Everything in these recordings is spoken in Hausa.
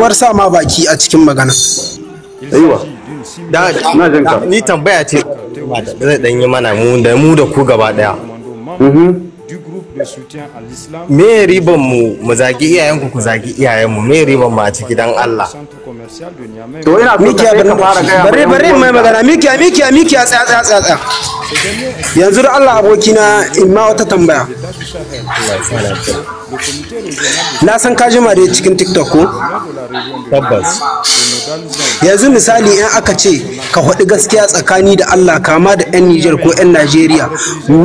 war sa ma baki a cikin magana aiwa da na jin ka ni tambaya ce zai dan yi mana mu da mu da ku gaba daya mm-hmm. me riban mu mu zagi iyayen ku ku zagi iyayen mu me riban mu a ciki dan Allah to ina mikiya garin bare bare mai magana mikiya mikiya mikiya tsaya tsaya tsaya tsaya yanzu da Allah abokina in ma wata tambaya na san ka jima da cikin tiktok ko tabbas yanzu misali in aka ce ka faɗi gaskiya tsakani da Allah kama da 'yan Niger ko 'yan Najeriya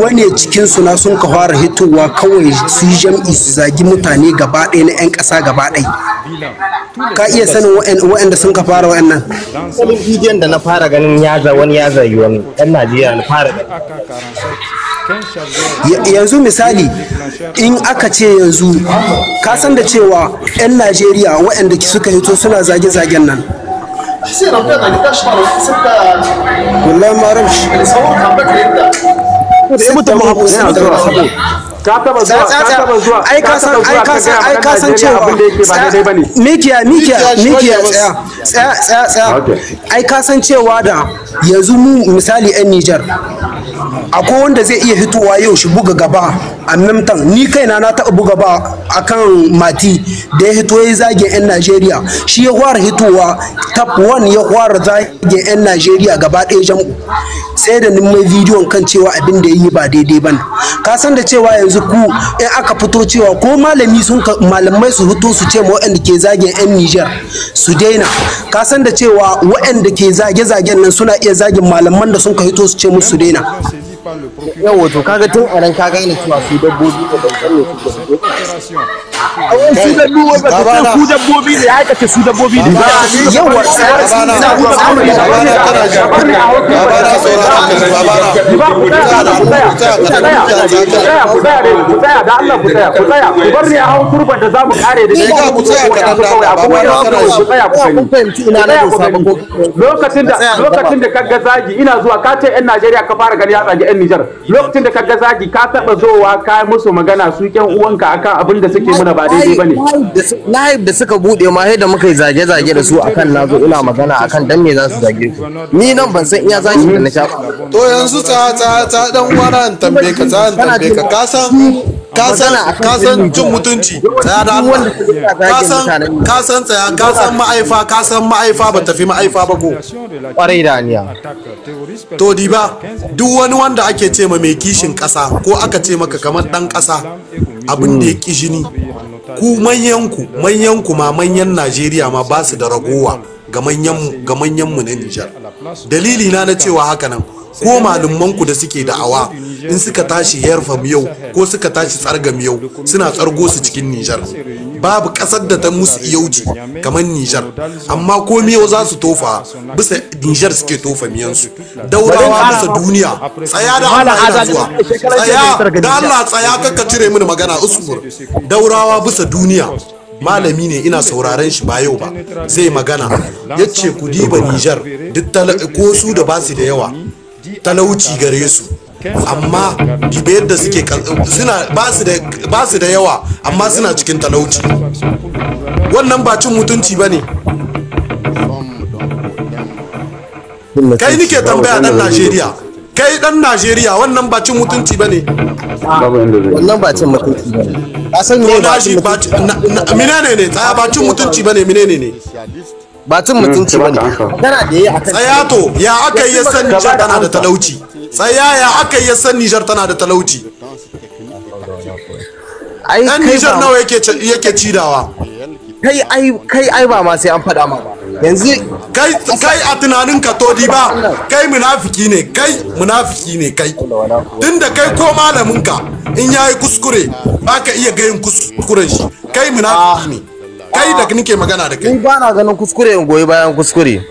wane cikin suna sun ka fara hitowa kawai su jam'i su zagi mutane gaba ɗaya na 'yan ƙasa gaba ɗaya ka iya sanin waɗanda sun ka fara waɗannan wani bidiyon da na fara ganin yaza wani yaza yi wani ɗan najeriya na fara yanzu misali in aka ce yanzu ka san da cewa 'yan najeriya waɗanda suka hito suna zage-zagen nan wallahi maram ka taba zuwa ka taba zuwa ai ka san ai ka san ai ka san cewa abin da yake ba daidai bane mikiya mikiya mikiya tsaya tsaya tsaya ai ka san cewa da yanzu mu misali yan Niger akwai wanda zai iya hitowa yau shi buga gaba a memtan ni kaina na taɓa buga ba akan mati da ya hito ya zage 'yan najeriya shi ya fara hitowa top 1 ya fara zage 'yan najeriya gaba ɗaya jam'u sai da nin mai bidiyon kan cewa abin da yi ba daidai ba ka san da cewa yanzu ku in aka fito cewa ko malami sun malamai su fito su ce waɗanda ke zagin yan Niger su daina ka san da cewa waɗanda ke zage-zagen nan suna iya zagin malaman da sun ka fito su ce musu su daina yawa to kaga tun a ka gane cewa su dabbobi da ban ne su ina lokacin da kaga zagi ina zuwa ka ce yan Najeriya ka fara gani ya tsage yan nijar lokacin da kaga zagi ka taba zowa ka musu magana su kyan uwanka akan abin da suke muna ba daidai bane live da suka bude ma sai da muka zage zage da su akan nazo ina magana akan dan me za su zage ku ni nan ban san iya zaki da na sha to yanzu ta ta ta dan wara an tambaye ka ta an tambaye ka ka san ka san ka san jin mutunci ta da Allah ka san ka san tsaya ka san ma'aifa ka san ma'aifa ba tafi ma'aifa ba ko kwarai da aniya to diba duk wani wanda ake ce ma mai kishin kasa ko aka ce maka kamar dan kasa abin da ya kishi ni ku manyanku manyanku ma manyan najeriya ma ba su da ragowa ga manyanmu na nijar dalili na na cewa haka nan ko malamanku da suke da awa, in suka tashi herfam yau ko suka tashi tsargam yau suna tsargo su cikin nijar babu ƙasar da ta musu iyauji kamar nijar amma me yau za su tofa bisa nijar suke tofa miyansu daurawa bisa duniya tsaya da allah yana zuwa tsaya da allah tsaya kakka cire mini magana usmur daurawa bisa duniya malami ne ina sauraren shi ba yau ba zai magana ya ce ku diba nijar duk ko su da basu da yawa talauci gare su amma dibe yadda suke ba su da yawa amma suna cikin talauci wannan ba cin mutunci ba ne kai nike tambaya dan najeriya kai dan najeriya wannan ba cin mutunci ba ne wannan ba cin mutunci ba ne a san ne ba cin mutunci ba ne ne ne tsaya ba cin mutunci ba ne mine ne ne batun mutunci bane tana da yayi akan tsaya to ya aka yi san Niger tana da talauci tsaya ya aka yi san Niger tana da talauci ai kai Niger nawa yake yake cidawa kai ai kai ai ba ma sai an faɗa ma yanzu kai kai a tunanin ka to ba kai munafiki ne kai munafiki ne kai tunda kai ko malamin ka in yayi kuskure baka iya gayin kuskuren shi kai munafiki ne ah. kai da nike magana da kai ni ba ganin kuskure in goyi bayan kuskure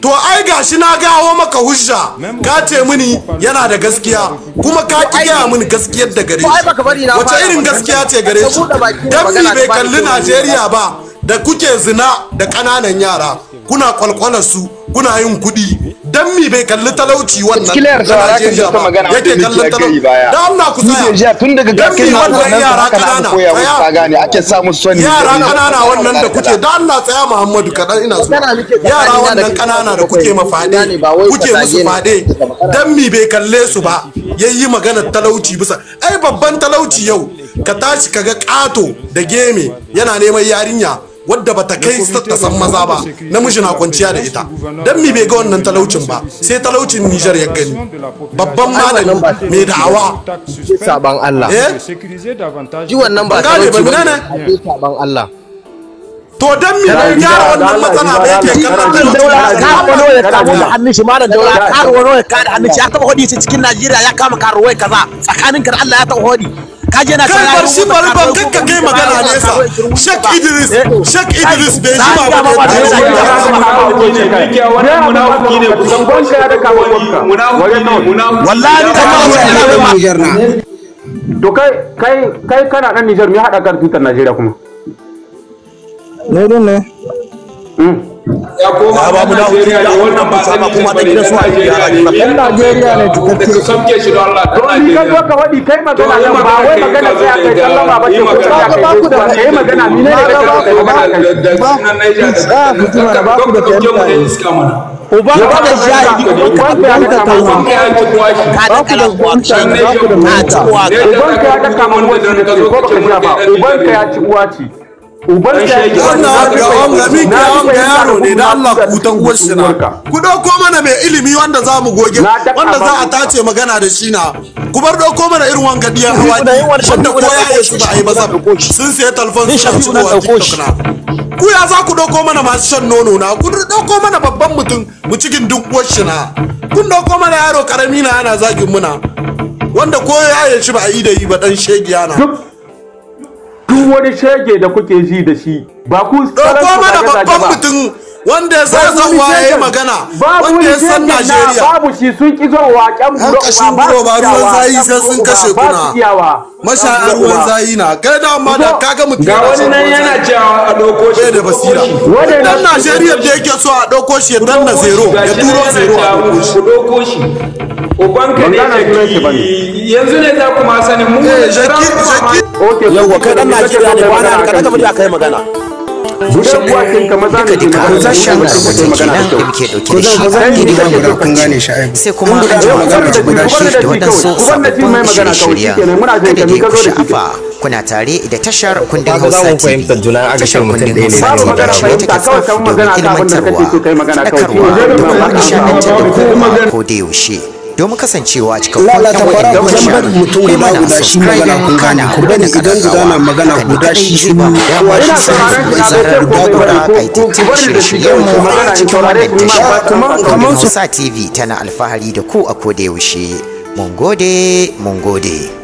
to ai gashi na gawo maka hujja ka ce mini yana da gaskiya kuma ka ki gaya mini gaskiyar da gare shi wace irin gaskiya ce gare shi dan mi bai kalli Najeriya ba da kuke zina da kananan yara kuna kwalkwalar su kuna yin kuɗi dan mi bai kalli talauci wannan kilayar saurara kan ta magana yake kallon talauci da Allah ku tsaya jiya tun daga gaske na wannan yara kanana koya ta gane ake sa musu sani yara kanana wannan da kuke da Allah tsaya Muhammadu kadan ina so yara wannan kanana da kuke mafade kuke musu fade dan mi bai kalle su ba yayi magana talauci bisa ai babban talauci yau ka tashi kaga kato da geme yana neman yarinya wadda bata kai ta san maza ba namiji na kwanciya da ita dan mi bai ga wannan talaucin ba sai talaucin Nijar ya gani babban malami mai da'awa saban Allah eh ji wannan ba talauci ba ne saban Allah to dan mi bai gyara wannan matsala ba yake kallon dole ka wano ya kamo da hannun shi malam dole ka wano ya ka da hannun shi ya taba hodi cikin Najeriya ya kama karuwai kaza tsakaninka da Allah ya taba hodi ka na kai bar shi bari ban kanka kai magana ne sa Sheikh Idris Sheikh Idris bai ji ba ba da shi wannan munafiki ne kusan gonka ya daka munafiki ne munafiki wallahi da ma ina da Niger na to kai kai kai kana dan Niger me hada kan tutar Najeriya kuma ne ne ya koma babu da Najeriya ne wannan ba sama kuma da gidan su a Najeriya Najeriya ne tukakke sauke shi don Allah don Najeriya kan ka wadi kai magana nan ba wai magana sai a kai sallama ba ce ku ta kai ku da kai magana ni ne da kai magana da sunan Najeriya da ba ku da kai magana iska mana uba ba da jari ka bauta ta wa ka da kala kuwa can ne ka ci uwa ka uban ka ya ka kamun da ka zo ka ci uwa ce uban shege wannan ga wanga miki wanga yaro ne da Allah ku tan uwar na ku dauko mana mai ilimi wanda za mu goge wanda za a tace magana da shi na ku bar dauko mana irin wanga diya hawa, wanda ko ya yi shi ba a yi ba sun sai talfon sun ci uwa ku ya za ku dauko mana masu shan nono na ku dauko mana babban mutum mu cikin duk uwar na kun dauko mana yaro karami na ana zagin muna wanda ko ya yi shi ba a yi da yi ba ɗan shegiya na. duk wani shege da kuke ji da shi ba ku tsaron ku mana mutum wanda ya san san magana wanda ya san Najeriya babu shi sun ki zowa kyan buro ba ba ba ruwan zayi sai sun kashe kuna ga wani nan yana cewa a doko shi da basira Najeriya da yake so a doko shi dan na zero ya zero a doko shi ubanka yanzu ne za ku ma sanin mu shaki eh, yawwa kai dan najeriya ne ba na kada ka bari akai magana bushin duka duka harsashen rahoton kenan da muke dauke da shi idan guda kun gane sai kuma an ji magana da guda shi da waɗansu sababbin shirye-shirye kada dai ku sha'afa kuna tare da tashar kundin hausa tv tashar kundin hausa tv ne ta kafa domin ilmantarwa faɗakarwa da kuma nishaɗantar da kowa ko da yaushe domin kasancewa cikin lalata fara ku zama mutum guda guda shi magana kun da ku bane idan guda na magana guda shi shi kowa shi sai bai zarar guda guda kai tattace shi yau mu magana cikin wadda shi kuma kamar su sa tv tana alfahari da ku a koda yaushe mun gode mun gode